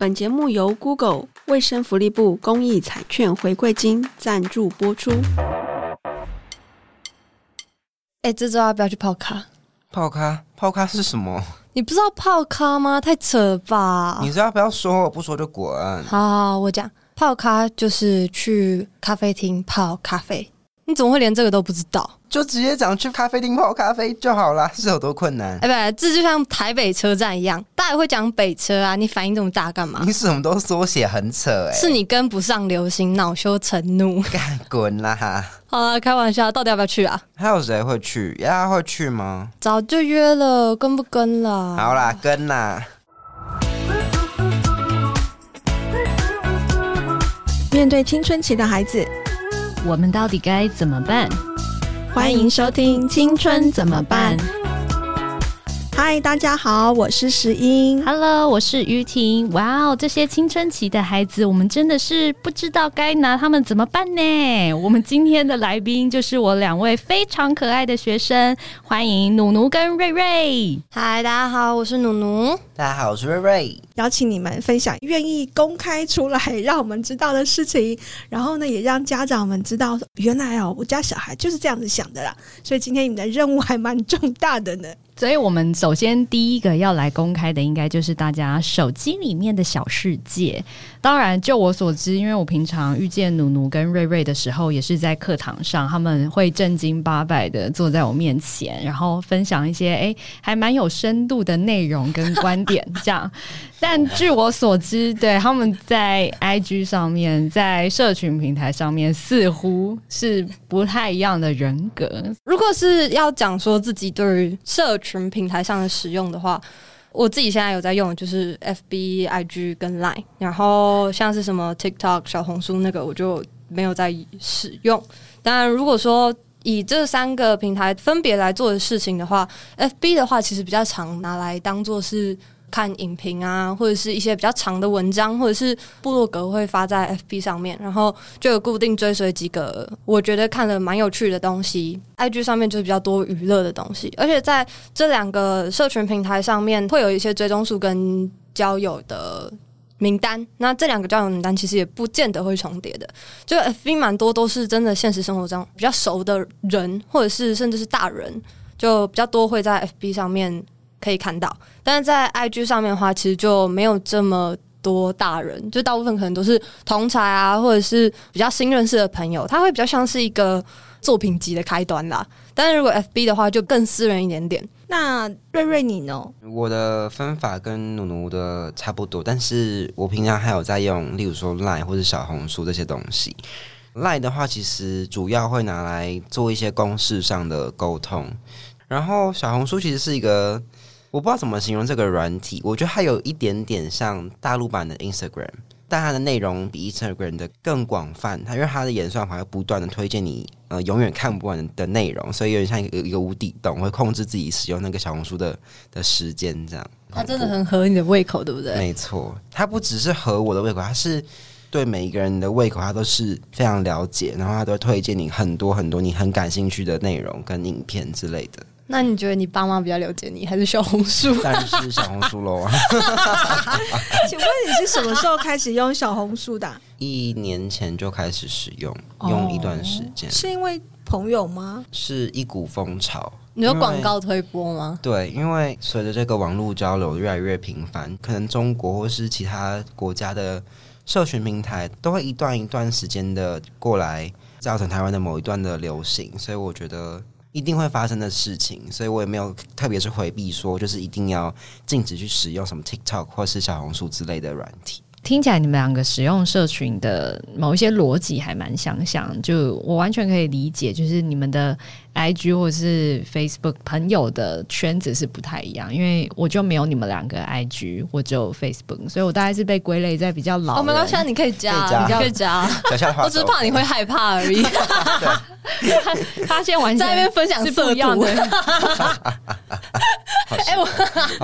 本節目由 Google 衛生福利部公益彩券回饋金贊助播出。哎、欸，這周要不要去泡咖？泡咖？泡咖是什麼？你不知道泡咖嗎？太扯吧！你知道不要說，我不說就滾。好好，我講，泡咖就是去咖啡廳泡咖啡。你怎麼會連這個都不知道？就直接講去咖啡廳泡咖啡就好了，是有多困難？哎、欸、不，這就像台北車站一樣，大家會講北車啊，你反應這麼大幹嘛？你什麼都縮寫，很扯。哎、欸，是你跟不上流行，惱羞成怒，幹滾啦！哈，好了，開玩笑，到底要不要去啊？還有誰會去？丫會去嗎？早就約了，跟不跟了？好啦，跟啦。 面對青春期的孩子，我們到底該怎麼辦？歡迎收聽《青春怎麼辦》。嗨，大家好，我是石英。Hello，我是於婷。哇哦，這些青春期的孩子，我們真的是不知道該拿他們怎麼辦呢？我們今天的來賓就是我兩位非常可愛的學生，歡迎奴奴跟睿睿。嗨，大家好，我是奴奴。大家好，我是睿睿，邀請你們分享願意公開出來讓我們知道的事情，然後呢，也讓家長們知道，原來哦，我家小孩就是這樣子想的啦。所以今天你的任務還蠻重大的呢。所以我們首先第一個要來公開的，應該就是大家手機裡面的小世界。當然，就我所知，因為我平常遇見奴奴跟睿睿的時候，也是在課堂上，他們會正經八百的坐在我面前，然後分享一些哎，還蠻有深度的內容跟觀 點這樣，但據我所知，對他們在 IG 上面，在社群平台上面似乎是不太一樣的人格。如果是要講說自己對於社群平台上的使用的話，我自己現在有在用，就是 FB、IG 跟 Line，然後像是什麼 TikTok、小紅書那個，我就沒有在使用。當然，如果說以這三個平台分別來做的事情的話，FB 的話其實比較常拿來當做是。看影評啊，或者是一些比較長的文章，或者是部落格會發在 FB 上面，然後就有固定追隨幾個我覺得看了蠻有趣的東西。IG 上面就是比較多娛樂的東西，而且在這兩個社群平台上面會有一些追蹤數跟交友的名單。那這兩個交友名單其實也不見得會重疊的，就 FB 蠻多都是真的現實生活中比較熟的人，或者是甚至是大人，就比較多會在 FB 上面。可以看到，但是在 IG 上面的話，其實就沒有這麼多大人，就大部分可能都是同儕啊，或者是比較新認識的朋友，他會比較像是一個作品集的開端啦。但是如果 FB 的話，就更私人一點點。那睿睿你呢？我的分法跟奴奴的差不多，但是我平常還有在用，例如說 Line 或者小紅書這些東西。Line 的話，其實主要會拿來做一些公事上的溝通，然後小紅書其實是一個。我不知道怎麼形容這個軟體，我覺得它有一點點像大陸版的 Instagram，但它的內容比 Instagram 的更廣泛。它因為它的演算法會不斷的推薦你，呃，永遠看不完的內容，所以有點像一個一個無底洞，會控制自己使用那個小紅書的的時間，這樣。它真的很合你的胃口，對不對？沒錯，它不只是合我的胃口，它是對每一個人的胃口，它都是非常了解，然後它都推薦你很多很多你很感興趣的內容跟影片之類的。那你覺得你爸媽比較了解你，還是小紅書？但是小紅書嘍啊！ 請問你是什麼時候開始用小紅書的啊？一年前就開始使用，哦，用一段時間。是因為朋友嗎？是一股風潮。你有廣告推播嗎？對，因為隨着這個網絡交流越來越頻繁，可能中國或是其他國家的社群平台都會一段一段時間的過來，造成台灣的某一段的流行。所以我覺得。一定會發生的事情，所以我也沒有，特別是回避說，就是一定要禁止去使用什麼 TikTok 或是小紅書之類的軟體。聽起來你們兩個使用社群的某一些邏輯還蠻相像，像，就我完全可以理解，就是你們的 IG 或者是 Facebook 朋友的圈子是不太一樣，因為我就沒有你們兩個 IG，或者 Facebook，所以我大概是被歸類在比較老。我們樓下你可以加，你可以加，可以加 我只是怕你會害怕而已。 對發現完全在一邊分享是不一樣的。 哎，我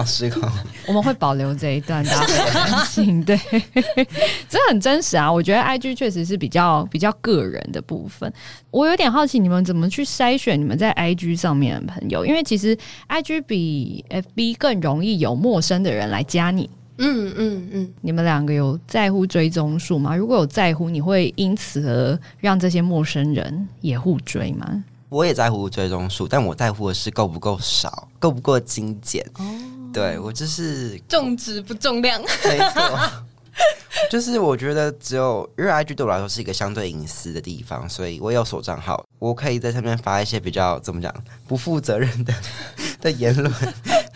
吃、哦哦、我們會保留這一段，大家放心。對， 這很真實啊。我覺得 I G 確實是比較比較個人的部分。我有點好奇，你們怎麼去篩選你們在 I G 上面的朋友？因為其實 I G 比 F B 更容易有陌生的人來加你。嗯嗯嗯，嗯嗯，你們兩個有在乎追蹤數嗎？如果有在乎，你會因此而讓這些陌生人也互追嗎？我也在乎追蹤數，但我在乎的是夠不夠少，夠不夠精簡。哦，對我就是重質不重量。沒錯錯， 就是我覺得只有因為 IG 對我來說是一個相對隱私的地方，所以我有鎖賬號，我可以在上面發一些比較怎麼講不負責任的的言論，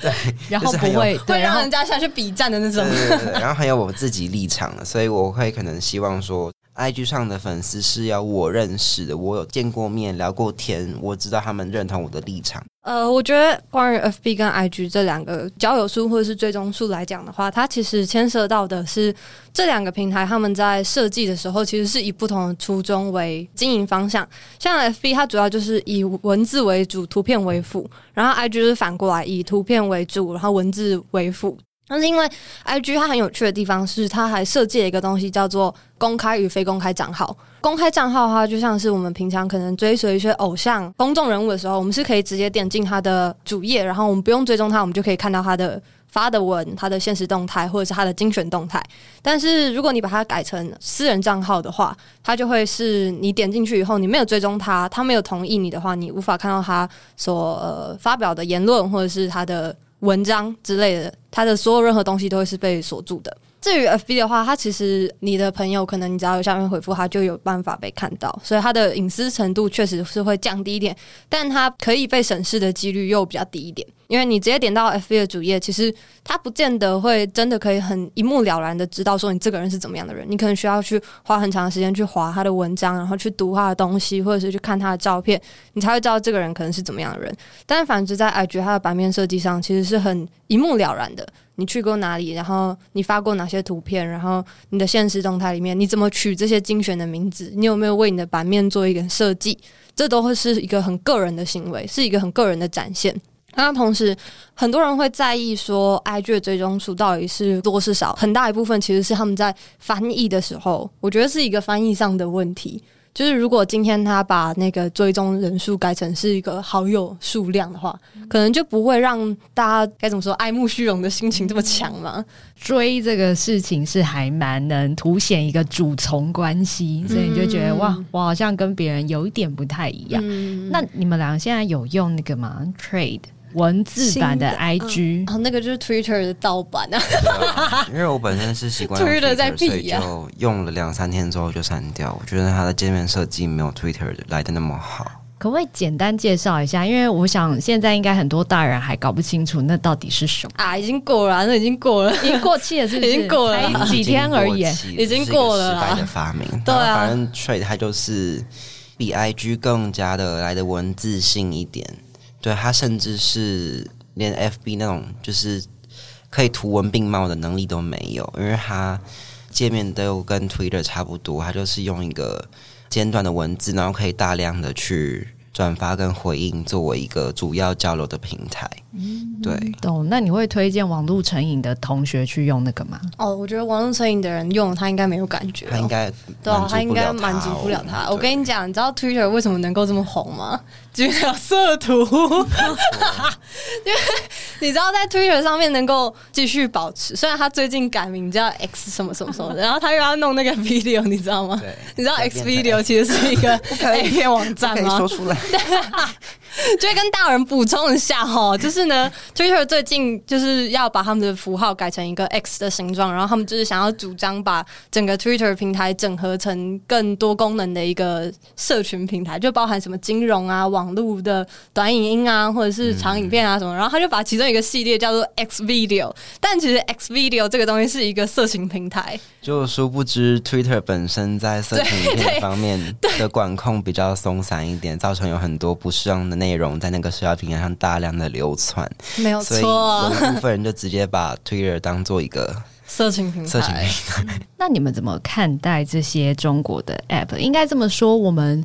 對，然後不會對，對會讓人家下去比讚的那種，對對對，然後還有我自己立場的，所以我會可能希望說。IG 上的粉絲是要我認識的，我有見過面、聊過天，我知道他們認同我的立場。呃，我覺得關於 FB 跟 IG 這兩個交友數或者是追蹤數來講的話，它其實牽涉到的是這兩個平台他們在設計的時候，其實是以不同的初衷為經營方向。像 FB，它主要就是以文字為主、圖片為輔；然後 IG 是反過來，以圖片為主，然後文字為輔。那是因為 IG 它很有趣的地方是，它還設計了一個東西叫做公開與非公開賬號。公開賬號的話，就像是我們平常可能追隨一些偶像、公眾人物的時候，我們是可以直接點進他的主頁，然後我們不用追蹤他，我們就可以看到他的發的文、他的現實動態或者是他的精選動態。但是如果你把它改成私人賬號的話，它就會是你點進去以後，你沒有追蹤他，他沒有同意你的話，你無法看到他所呃發表的言論或者是他的。文章之類的，他的所有任何東西都會是被鎖住的。至於 FB 的話，它其實你的朋友可能你只要有下面回復，他就有辦法被看到，所以它的隱私程度確實是會降低一點，但它可以被審視的幾率又比較低一點。因為你直接點到 FB 的主頁，其實他不見得會真的可以很一目了然的知道說你這個人是怎麼樣的人。你可能需要去花很長時間去滑他的文章，然後去讀他的東西，或者是去看他的照片，你才會知道這個人可能是怎麼樣的人。但是反之，在 IG 他的版面設計上，其實是很一目了然的。你去過哪裡，然後你發過哪些圖片，然後你的現實動態裡面你怎麼取這些精選的名字，你有沒有為你的版面做一個設計，這都會是一個很個人的行為，是一個很個人的展現。那同時，很多人會在意說 IG 的追蹤數到底是多是少，很大一部分其實是他們在翻譯的時候，我覺得是一個翻譯上的問題。就是如果今天他把那個追蹤人數改成是一個好友數量的話，可能就不會讓大家該怎麼說愛慕虛榮的心情這麼強嘛。追這個事情是還蠻能凸顯一個主從關係，所以你就覺得、嗯、哇，我好像跟別人有一點不太一樣。嗯、那你們倆現在有用那個嗎？Trade？文字版的 IG 然後、哦哦、那個就是 Twitter 的盜版啊、啊。因為我本身是習慣 Tw Twitter，在、啊、所以就用了兩三天之後就刪掉。我覺得它的界面設計沒有 Twitter 來的那麼好。可不可以簡單介紹一下？因為我想現在應該很多大人還搞不清楚那到底是什麼啊。已經果然了，已經過了，已經過期了，是已經過了幾天而已，已經過了。一個失敗的發明。對啊，反正 Twitter 它就是比 IG 更加的來的文字性一點。對，它甚至是連 FB 那種就是可以圖文並茂的能力都沒有，因為它界面，都跟 Twitter 差不多，它就是用一個簡短的文字，然後可以大量的去轉發跟回應，作為一個主要交流的平台。嗯，對，懂。那你會推薦網絡成癮的同學去用那個嗎？哦，我覺得網絡成癮的人用它應該沒有感覺，他應該對，他應該滿足不了他。我跟你講，你知道 Twitter 為什麼能夠這麼紅嗎？就有色圖。因為你知道，在 Twitter 上面能夠繼續保持，雖然他最近改名叫 X 什麼什麼什麼，然後他又要弄那個 video，你知道嗎？你知道 X video 其實是一個 A 片網站嗎？不可以說出來。就跟大人補充一下哦，就是呢，Twitter 最近就是要把他們的符號改成一個 X 的形狀，然後他們就是想要主張把整個 Twitter 平台整合成更多功能的一個社群平台，就包含什麼金融啊、網絡的短影音啊，或者是長影片啊什麼，然後他就把其中一個系列叫做 X Video，但其實 X Video 這個東西是一個色情平台，就殊不知 Twitter 本身在色情影片方面的管控比較鬆散一點，對對對，造成有很多不適當的內容在那個社交平台上大量的流傳，沒有錯，有部分人就直接把推 w 當做一個色情平台， 平台、嗯。那你們怎麼看待這些中國的 App？應該這麼說，我們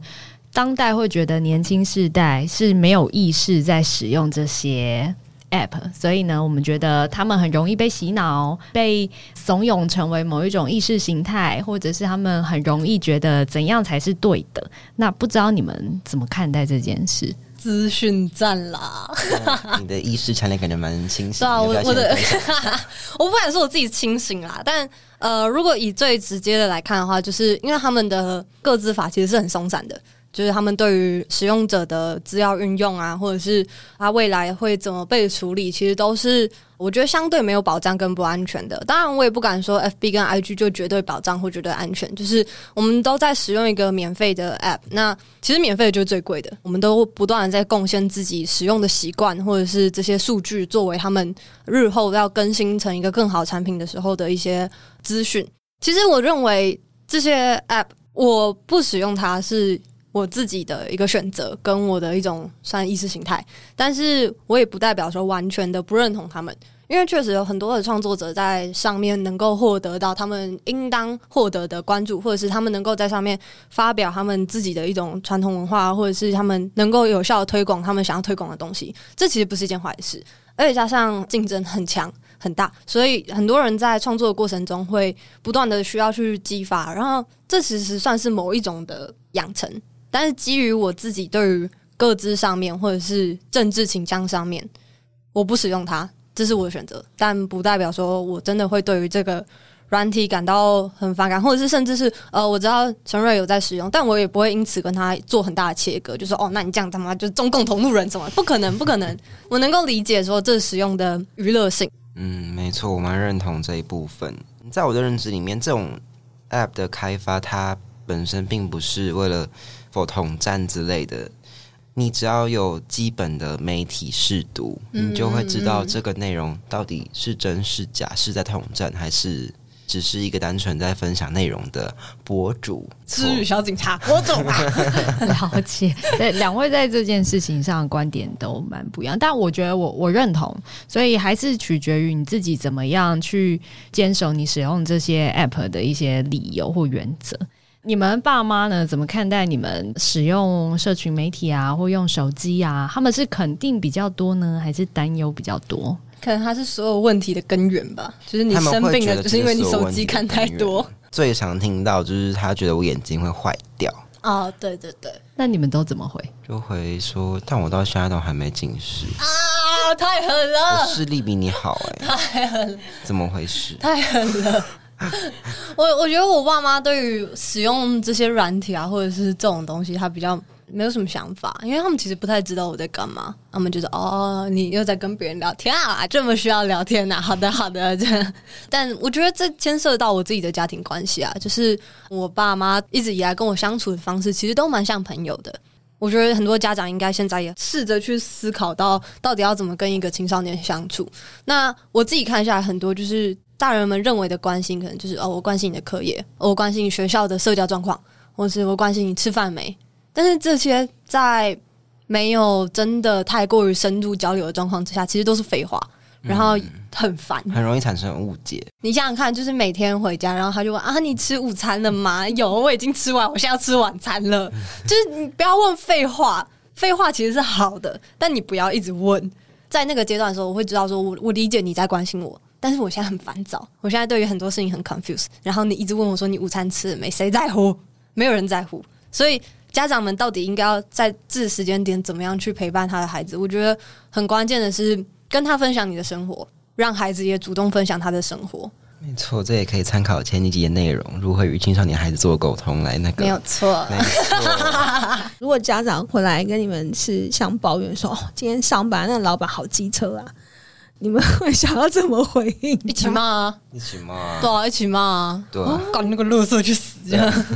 當代會覺得年輕世代是沒有意識在使用這些 App，所以呢，我們覺得他們很容易被洗腦、被慫恿成為某一種意識形態，或者是他們很容易覺得怎樣才是對的。那不知道你們怎麼看待這件事？資訊戰啦、嗯！ 你的意識強烈，感覺蠻清醒。是啊，我我的 我不敢說我自己清醒啦。但呃，如果以最直接的來看的話，就是因為他們的個資法其實是很鬆散的，就是他們對於使用者的資料運用啊，或者是他未來會怎麼被處理，其實都是。我覺得相對沒有保障跟不安全的，當然我也不敢說 FB 跟 IG 就絕對保障或絕對安全，就是我們都在使用一個免費的 App，那其實免費的就是最貴的，我們都不斷的在貢獻自己使用的習慣或者是這些數據作為他們日後要更新成一個更好產品的時候的一些資訊。其實我認為這些 App 我不使用它是。我自己的一個選擇，跟我的一種算意識形態，但是我也不代表說完全的不認同他們，因為確實有很多的創作者在上面能夠獲得到他們應當獲得的關注，或者是他們能夠在上面發表他們自己的一種傳統文化，或者是他們能夠有效的推廣他們想要推廣的東西，這其實不是一件壞事。而且加上競爭很強很大，所以很多人在創作的過程中會不斷的需要去激發，然後這其實算是某一種的養成。但是基於我自己對於個資上面或者是政治傾向上面，我不使用它，這是我的選擇。但不代表說我真的會對於這個軟體感到很反感，或者是甚至是呃，我知道陳睿有在使用，但我也不會因此跟他做很大的切割，就說哦，那你這樣他媽就是中共同路人怎麼？不可能，不可能。 我能夠理解說，這是使用的娛樂性。嗯，沒錯，我蠻認同這一部分。在我的認知裡面，這種 App 的開發，它本身並不是為了。否，統戰之類的，你只要有基本的媒體識讀，嗯、你就會知道這個內容到底是真是假，是在統戰還是只是一個單純在分享內容的博主？詞語是 for 小警察，博主啊， 了解。對，兩位在這件事情上觀點都蠻不一樣， 但我覺得我我認同，所以還是取決於你自己怎麼樣去堅守你使用這些 App 的一些理由或原則。你們爸媽呢？怎麼看待你們使用社群媒體啊，或用手機啊？他們是肯定比較多呢，還是擔憂比較多？可能他是所有問題的根源吧。就是你生病了，就是因為你手機看太多。最常聽到就是他覺得我眼睛會壞掉啊！對對對，那你們都怎麼回？就回說，但我到現在都還沒近視啊！太狠了，我視力比你好欸，太狠了，怎麼回事？太狠了。啊啊、我我覺得我爸媽對於使用這些軟體啊，或者是這種東西，他比較沒有什麼想法，因為他們其實不太知道我在幹嘛。他們就是哦，你又在跟別人聊天啊，這麼需要聊天吶，啊？好的，好的。這樣。但我覺得這牽涉到我自己的家庭關係啊，就是我爸媽一直以來跟我相處的方式，其實都蠻像朋友的。我覺得很多家長應該現在也試着去思考到，到底要怎麼跟一個青少年相處。那我自己看下來，很多就是。大人們認為的關心，可能就是哦，我關心你的課業，哦，我關心學校的社交狀況，或是我關心你吃飯沒。但是這些在沒有真的太過於深度交流的狀況之下，其實都是廢話，然後很煩。嗯，很容易產生誤解。你想想看，就是每天回家，然後他就問啊，你吃午餐了嗎？有，我已經吃完，我現在要吃晚餐了。就是你不要問廢話，廢話其實是好的，但你不要一直問。在那個階段的時候，我會知道說，說我我理解你在關心我。但是我現在很煩躁，我現在對於很多事情很 confused。然後你一直問我說：“你午餐吃了沒？”誰在乎？沒有人在乎。所以家長們到底應該要在這時間點怎麼樣去陪伴他的孩子？我覺得很關鍵的是跟他分享你的生活，讓孩子也主動分享他的生活。沒錯，這也可以參考前幾集的內容：如何與青少年孩子做溝通來那個。沒有錯。如果家長回來跟你們是想抱怨說：“哦，今天上班那個老板好機車啊。”你們會想要怎麼回應？一起罵，啊,一起罵啊。一起罵，對、啊，一起罵，啊。對、喔，搞那個樂色去死！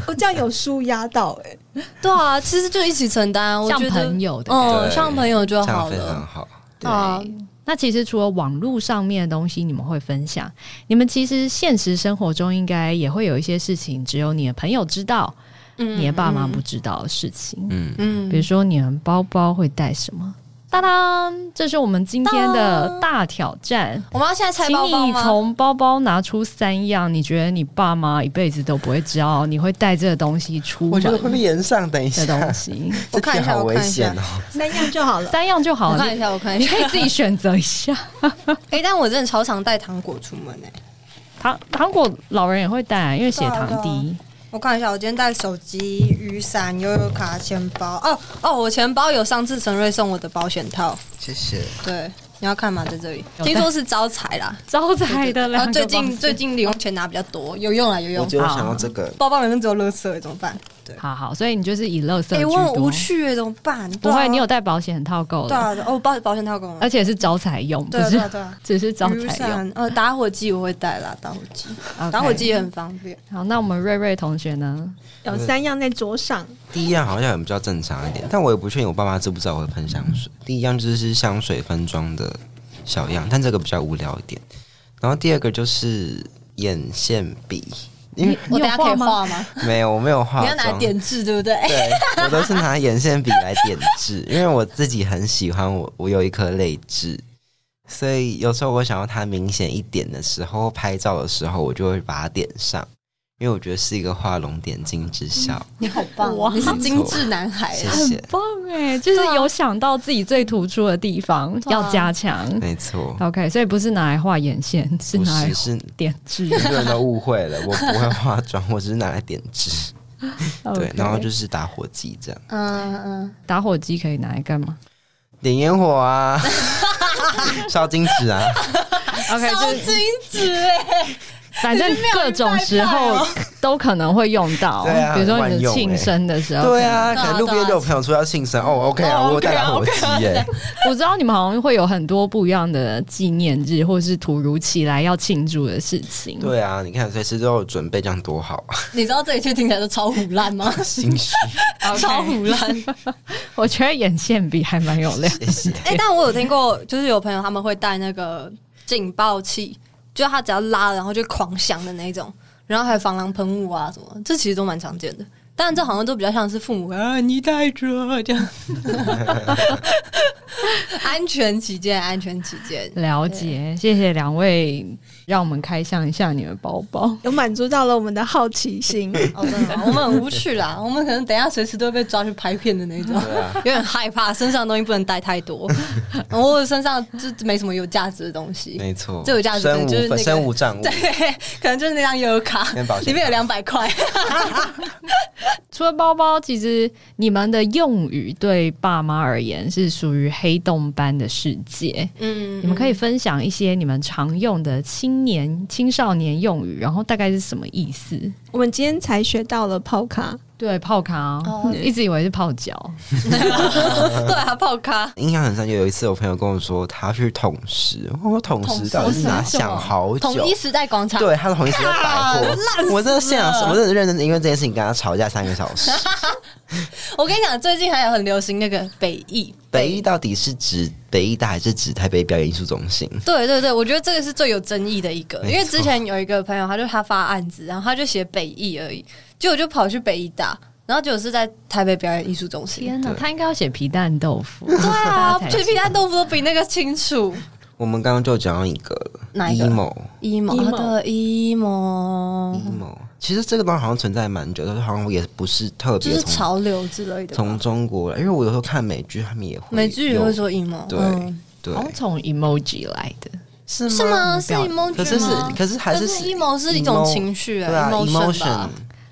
我這樣有輸壓到哎、欸，對啊，其實就一起承擔， 像朋友的，哦、喔，像朋友就好了，非常好，對啊，那其實除了網絡上面的東西，你們會分享，你們其實現實生活中應該也會有一些事情，只有你的朋友知道，你的爸媽不知道的事情。嗯嗯，嗯比如說你們包包會帶什麼？當當，這是我們今天的大挑戰。我們要現在拆包包嗎？請你從包包拿出三樣，包包你覺得你爸媽一輩子都不會知道，你會帶這個東西出門西？我覺得會不會延上。等一下，東西、哦，我看一下，我看一下。三樣就好了，三樣就好了。看一下，我看一下。你，你可以自己選擇一下。哎、 欸，但我真的超常帶糖果出門誒、欸。糖糖果，老人也會帶，因為血糖低。我看一下，我今天帶手機、雨傘、悠遊卡、錢包。哦哦，我錢包有上次陳睿送我的保險套，謝謝。對。你要看嗎？在這裡。聽說是招財啦，招財的啦。最近最近零用錢拿比較多，有用啊有用。我就想要這個包包裡面只有樂色，怎麼辦？對，好好，所以你就是以樂色。哎，我很無趣哎，怎麼辦？不會，你有帶保險套夠了。對啊，哦，保保險套夠了。而且是招財用，不是只是招財用。呃，打火機我會帶啦，打火機，打火機也很方便。好，那我們睿睿同學呢？有三樣在桌上，第一樣好像也比較正常一點，但我也不確定我爸媽知不知道我會噴香水。第一樣就是香水分裝的。小樣，但這個比較無聊一點。然後第二個就是眼線筆，因為你等下可以畫嗎？沒有，我沒有畫。你要拿點痣對不對？對，我都是拿眼線筆來點痣， 因為我自己很喜歡我，我有一顆淚痣，所以有時候我想要它明顯一點的時候，拍照的時候我就會把它點上。因為我覺得是一個畫龍點睛之效。你好棒，你是精緻男孩。謝謝，很棒哎！就是有想到自己最突出的地方要加強。沒錯。OK，所以不是拿來畫眼線，是拿來是點痣。很多人都誤會了，我不會化妝，我只是拿來點痣。對，然後就是打火機這樣。嗯嗯，打火機可以拿來幹嘛？點煙火啊，燒金紙啊。OK，燒金紙哎。反正各種時候都可能會用到，比如說你們慶生的時候，對啊，可能路邊就有朋友說要慶生，哦，OK 啊，我帶火機耶。我知道你們好像會有很多不一樣的紀念日，或是突如其來要慶祝的事情。對啊，你看，隨時都有準備，這樣多好。你知道這一句聽起來超虎爛嗎？心虛，超虎爛。我覺得眼線筆還蠻有料。欸，但我有聽過，就是有朋友他們會帶那個警報器。就他只要拉，然後就狂響的那種，然後還有防狼噴霧啊什麼，這其實都蠻常見的。但這好像都比較像是父母啊，你帶着這樣， 安全起見，安全起見。了解，對謝謝兩位。讓我們開箱一下你們包包，有滿足到了我們的好奇心。我們很無趣啦，我們可能等下隨時都會被抓去拍片的那種，有點害怕。身上東西不能帶太多，我身上就沒什麼有價值的東西。沒錯，最有價值的就是生物賬，對，可能就是那張悠遊卡，裡面有兩百塊。除了包包，其實你們的用語對爸媽而言是屬於黑洞般的世界。嗯，你們可以分享一些你們常用的親。青年青少年用語，然後大概是什麼意思？我們今天才學到了泡咖，對泡咖，一直以為是泡腳。 對啊，泡咖。印象很深，就 有一次我朋友跟我說他去統時，我統時到底是哪想好久？統一時代廣場？對，他說統一時代百貨。我真的現場，我真的認真的，因為這件事情跟他吵架三個小時。 我跟你講，最近還有很流行那個北藝，北藝到底是指北藝大還是指台北表演藝術中心？對對對，我覺得這個是最有爭議的一個，錯因為之前有一個朋友，他就他發案子，然後他就寫北藝而已，結果就跑去北藝大，然後結果是在台北表演藝術中心。天哪，對他應該要寫皮蛋豆腐。對啊， 皮，皮蛋豆腐都比那個清楚。我們剛剛就講一個，哪一個，Emo 的 Emo。其實這個東西好像存在蠻久的，但是好像也不是特別，就是潮流之類的。從中國來，因為我有時候看美劇，他們也會美劇也會說 emo，對，嗯、對好像從 emoji 來的，是是嗎？是 emoji 嗎？是 emo 嗎？可是，是，可是還是，是 emo 是一種情緒、欸、啊，emotion, emotion。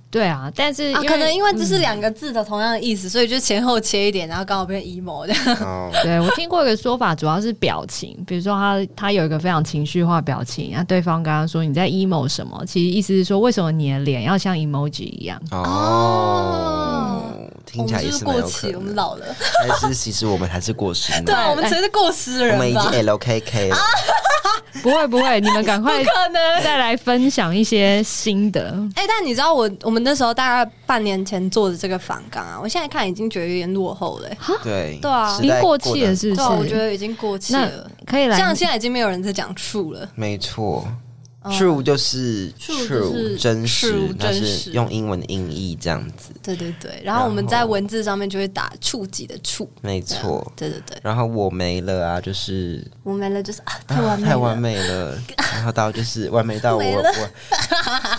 對啊，但是、啊、可能因為這是兩個字的同樣的意思，嗯、所以就前後切一點，然後剛好變 emo 這樣。對，我聽過一個說法，主要是表情， 比如說他他有一個非常情緒化表情，那對方剛剛說你在 emo 什麼，其實意思是說為什麼你的臉要像 emoji 一樣？哦。Oh. Oh. 聽起來也是，是，是過期，我們老了， 還是其實我們還是過時。對我們才是過時的人。來我們已經 LKK 了，啊、不會不會，你們趕快，再來分享一些心得。哎、欸，但你知道我，我們那時候大概半年前做的這個訪綱啊，我現在看已經覺得有點落後了、欸。蛤對，對啊，的已經過氣了，是是，是對、啊、我覺得已經過氣了，那，可以來。像現在已經沒有人在講醋了，沒錯。true 就是 true 真實，但是用英文的音譯這樣子。對對對，然後我們在文字上面就會打觸及的觸，沒錯。對對對，然後我沒了啊，就是我沒了，就是啊，太完美，太完美了。然後到就是完美到我我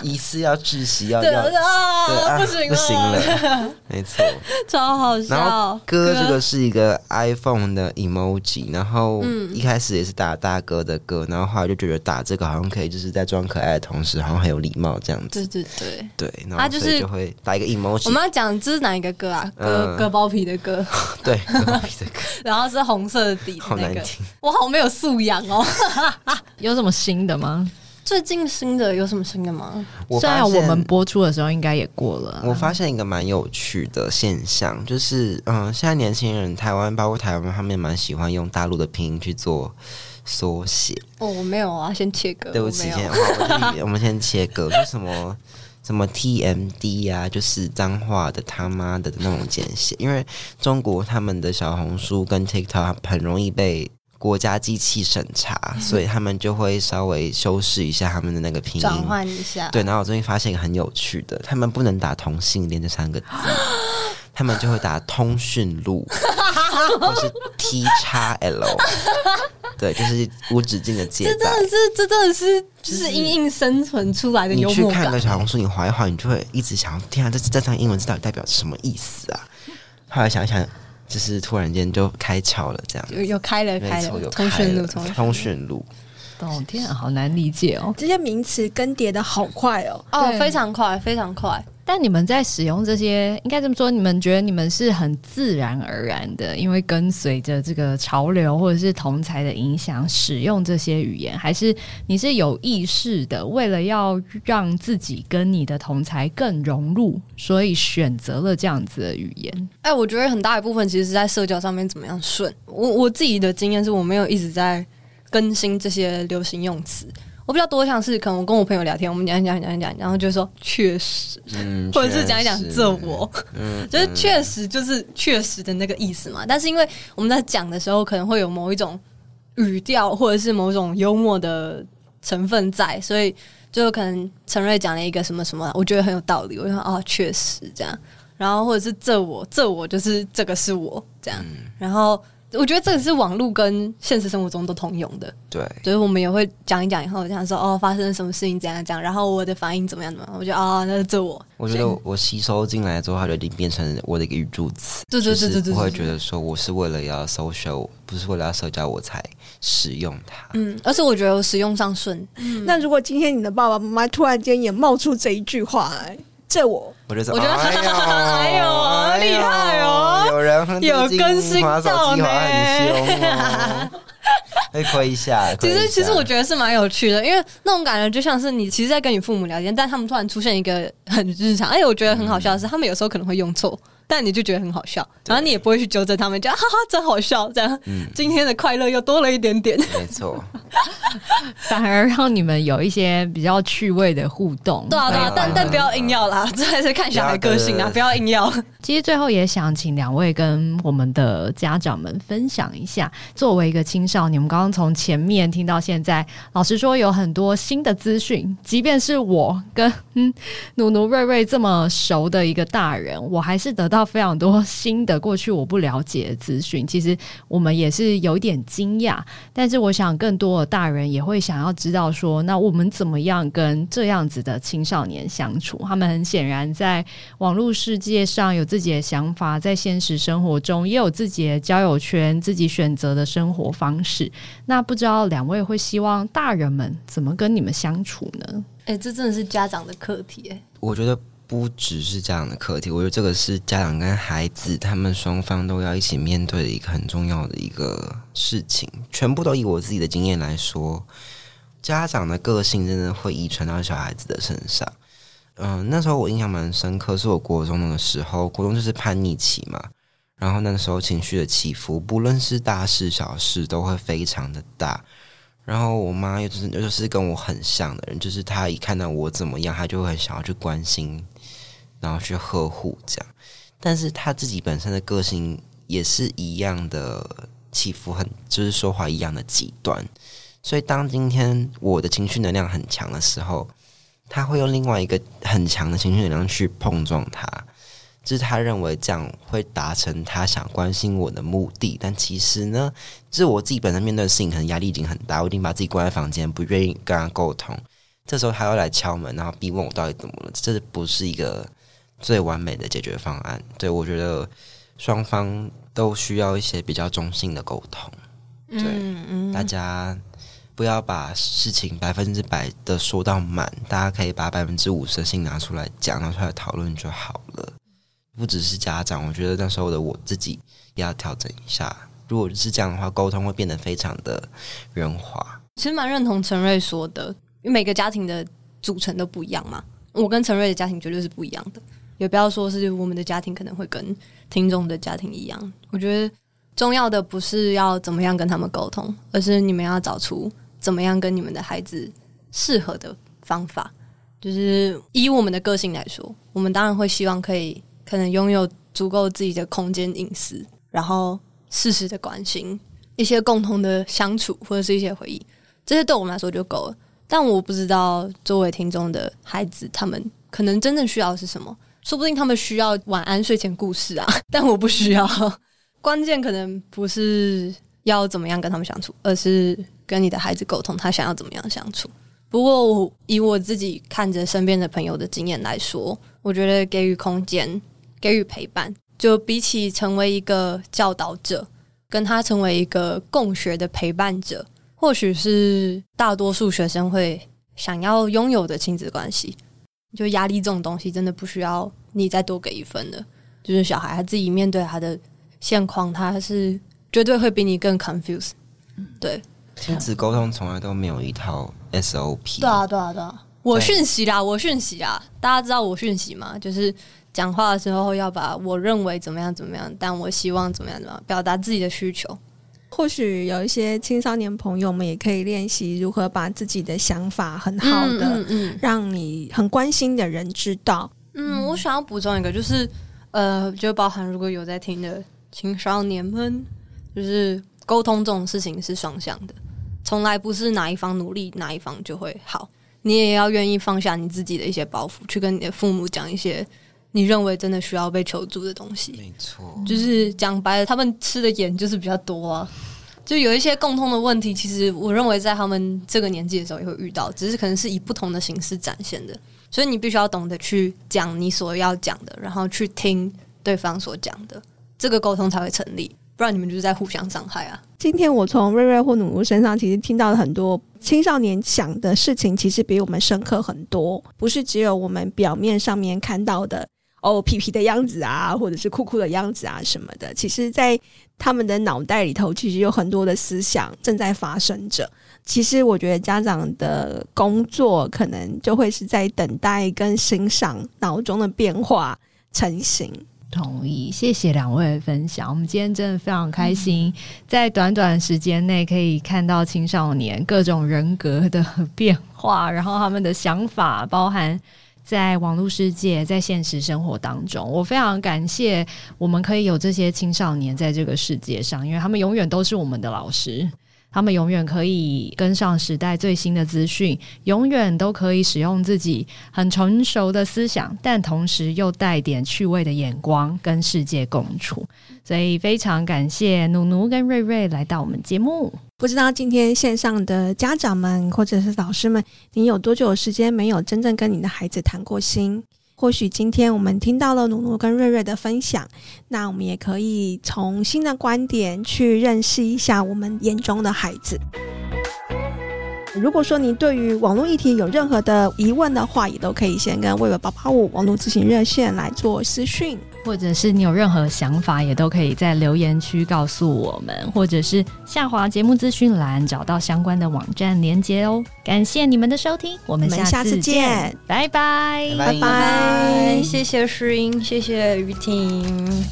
疑似要窒息要要啊，不行不行了，沒錯，超好笑。然後哥這個是一個 iPhone 的 emoji，然後一開始也是打大哥的歌，然後後來就覺得打這個好像可以，就是在。在裝可愛的同時，好像很有禮貌這樣子。對對對對，對然後就是就會打一個 emoji 我們要講這是哪一個歌啊？割割、嗯、包皮的歌。對，割包皮的歌。 然後是紅色的底、那個，好難聽。我好沒有素養哦。 有什麼新的嗎？最近新的有什麼新的嗎？現在我們播出的時候應該也過了、啊。我發現一個蠻有趣的現象，就是嗯，現在年輕人台灣，包括台灣他們也蠻喜歡用大陸的拼音去做。縮寫哦，我沒有啊，先切割。對不起，我先我們先切割， 就什麼什麼 TMD 呀，啊，就是髒話的他媽的那種簡寫，因為中國他們的小紅書跟 TikTok 很容易被。國家機器審查，嗯、所以他們就會稍微修飾一下他們的那個拼音，轉換一下。對，然後我最近發現一個很有趣的，他們不能打同性戀這三個字，啊、他們就會打通訊錄， 或是 T 叉 L， 對，就是無止境的借代。這真的是，這真的是，就是硬硬生存出來的幽默感。你去看個小紅書，你划一划，你就會一直想，天啊，這這串英文字到底代表什麼意思啊？後來想想。就是突然間就開竅了，這樣子有有開了，沒錯，開了，有開了通訊錄通訊錄，哦，天啊，好難理解哦！這些名詞更迭的好快哦，哦，對，非常快，非常快。但你們在使用這些，應該這麼說，你們覺得你們是很自然而然的，因為跟隨着這個潮流或者是同儕的影響使用這些語言，還是你是有意識的，為了要讓自己跟你的同儕更融入，所以選擇了這樣子的語言？哎、欸，我覺得很大一部分其實是在社交上面怎麼樣順。我我自己的經驗是我沒有一直在更新這些流行用詞。我比較多像是可能我跟我朋友聊天，我們講講講講，然後就說確實，嗯、或者是講一講實這我，嗯、 就是確實就是確實的那個意思嘛。嗯、但是因為我們在講的時候可能會有某一種語調或者是某種幽默的成分在，所以就可能陳瑞講了一個什麼什麼，我覺得很有道理，我就說哦，確實這樣，然後或者是這我這我就是這個是我這樣，嗯、然後。我覺得這個是網絡跟現實生活中都通用的。對，所以我們也會講一講，以後想說哦，發生了什麼事情，怎樣怎樣，然後我的反應怎麼樣怎麼樣，我覺得啊、哦，那是我。我覺得我吸收進來之後，它就變變成我的一個語助詞。對對，對對對對對，我會覺得說我是為了要 social，不是為了要社交我才使用它。嗯，而是我覺得我使用上順。嗯、那如果今天你的爸爸媽媽突然間也冒出這一句話來？這我我，我覺得哈哈哈哈哈哎呦，厲害哦，有人有更新到呢，會虧、哦 欸、一下。一下其實其實我覺得是蠻有趣的，因為那種感覺就像是你其實在跟你父母聊天，但他們突然出現一個很日常。哎，我覺得很好笑的是，他們有時候可能會用錯。但你就覺得很好笑，對然後你也不會去糾正他們，講哈哈真好笑，這樣，嗯，今天的快樂又多了一點點，沒錯， 反而讓你們有一些比較趣味的互動，對啊對啊，但但不要硬要啦，啊、這還是看小孩個性啊，的不要硬要。其實最後也想請兩位跟我們的家長們分享一下， 作為一個青少年，我們剛剛從前面聽到現在，老實說有很多新的資訊，即便是我跟嗯努努瑞瑞這麼熟的一個大人，我還是得到。到非常多新的過去我不了解的資訊，其實我們也是有點驚訝。但是我想，更多的大人也會想要知道說，說那我們怎麼樣跟這樣子的青少年相處？他們很顯然在網絡世界上有自己的想法，在現實生活中也有自己的交友圈、自己選擇的生活方式。那不知道兩位會希望大人們怎麼跟你們相處呢？哎、欸，這真的是家長的課題、欸。哎，我覺得。不只是家長的課題，我覺得這個是家長跟孩子他們雙方都要一起面對的一個很重要的一個事情。全部都以我自己的經驗來說，家長的個性真的會遺傳到小孩子的身上。嗯、呃，那時候我印象蠻深刻，是我國中的時候，國中就是叛逆期嘛。然後那個時候情緒的起伏，不論是大事小事，都會非常的大。然後我媽又、就是又就是跟我很像的人，就是她一看到我怎麼樣，她就會很想要去關心。然後去呵護這樣，但是他自己本身的個性也是一樣的起伏很，就是說話一樣的極端。所以當今天我的情緒能量很強的時候，他會用另外一個很強的情緒能量去碰撞他，就是他認為這樣會達成他想關心我的目的。但其實呢，就是我自己本身面對的事情，可能壓力已經很大，我已經把自己關在房間，不願意跟他溝通。這時候他又來敲門，然後逼問我到底怎麼了，這不是一個最完美的解決方案。對，我覺得雙方都需要一些比較中性的溝通。對，嗯嗯、大家不要把事情百分之百的說到滿，大家可以把百分之五十的心拿出來講，拿出來討論就好了。不只是家長，我覺得那時候的我自己也要調整一下。如果是這樣的話，溝通會變得非常的圓滑。其實蠻認同陳睿說的，因為每個家庭的組成都不一樣嘛。我跟陳睿的家庭絕對是不一樣的。也不要說是我們的家庭可能會跟聽眾的家庭一樣，我覺得重要的不是要怎麼樣跟他們溝通，而是你們要找出怎麼樣跟你們的孩子適合的方法。就是以我們的個性來說，我們當然會希望可以可能擁有足夠自己的空間、隱私，然後適時的關心一些共同的相處或者是一些回憶，這些對我們來說就夠了。但我不知道作為聽眾的孩子他們可能真正需要的是什麼。說不定他們需要晚安睡前故事啊，但我不需要。關鍵可能不是要怎麼樣跟他們相處，而是跟你的孩子溝通他想要怎麼樣相處。不過，以我自己看着身邊的朋友的經驗來說，我覺得給予空間、給予陪伴，就比起成為一個教導者，跟他成為一個共學的陪伴者，或許是大多數學生會想要擁有的親子關係。就壓力這種東西，真的不需要你再多給一分的，就是小孩他自己面對他的現況，他是絕對會比你更 confuse、嗯。對，親子溝通從來都沒有一套 SOP。對啊，對啊，對啊，對，我訊息啦，我訊息啦，大家知道我訊息嘛，就是講話的時候要把我認為怎麼樣怎麼樣，但我希望怎麼樣怎麼樣，表達自己的需求。或許有一些青少年朋友們也可以練習如何把自己的想法很好的，嗯嗯嗯、讓你很關心的人知道。嗯，我想要補充一個，就是呃，就包含如果有在聽的青少年們，就是溝通這種事情是雙向的，從來不是哪一方努力哪一方就會好。你也要願意放下你自己的一些包袱，去跟你的父母講一些你認為真的需要被求助的東西。沒錯，就是講白了，他們吃的鹽就是比較多啊。就有一些共通的問題，其實我認為在他們這個年紀的時候也會遇到，只是可能是以不同的形式展現的。所以你必須要懂得去講你所要講的，然後去聽對方所講的，這個溝通才會成立。不然你們就是在互相傷害啊！今天我從睿睿或奴奴身上，其實聽到了很多青少年想的事情，其實比我們深刻很多，不是只有我們表面上面看到的。哦，皮皮的樣子啊，或者是酷酷的樣子啊，什麼的。其實，在他們的腦袋裡頭，其實有很多的思想正在發生着。其實，我覺得家長的工作可能就會是在等待跟欣賞腦中的變化成型。同意，謝謝兩位的分享。我們今天真的非常開心，嗯、在短短時間內可以看到青少年各種人格的變化，然後他們的想法，包含。在網絡世界，在現實生活當中，我非常感謝我們可以有這些青少年在這個世界上，因為他們永遠都是我們的老師。他們永遠可以跟上時代最新的資訊，永遠都可以使用自己很成熟的思想，但同時又帶點趣味的眼光跟世界共處。所以非常感謝奴奴跟睿睿來到我們節目。不知道今天線上的家長們或者是老師們，你有多久的時間沒有真正跟你的孩子談過心？或許今天我們聽到了奴奴跟睿睿的分享，那我們也可以從新的觀點去認識一下我們眼中的孩子。如果說您對於網絡議題有任何的疑問的話，也都可以先跟 Web885 網絡諮詢熱線來做私訊。或者是你有任何想法，也都可以在留言區告訴我們，或者是下滑節目資訊欄找到相關的網站鏈接哦。感謝你們的收聽，我們下次見，次見拜拜，拜拜，拜拜，謝謝詩音，謝謝雨婷。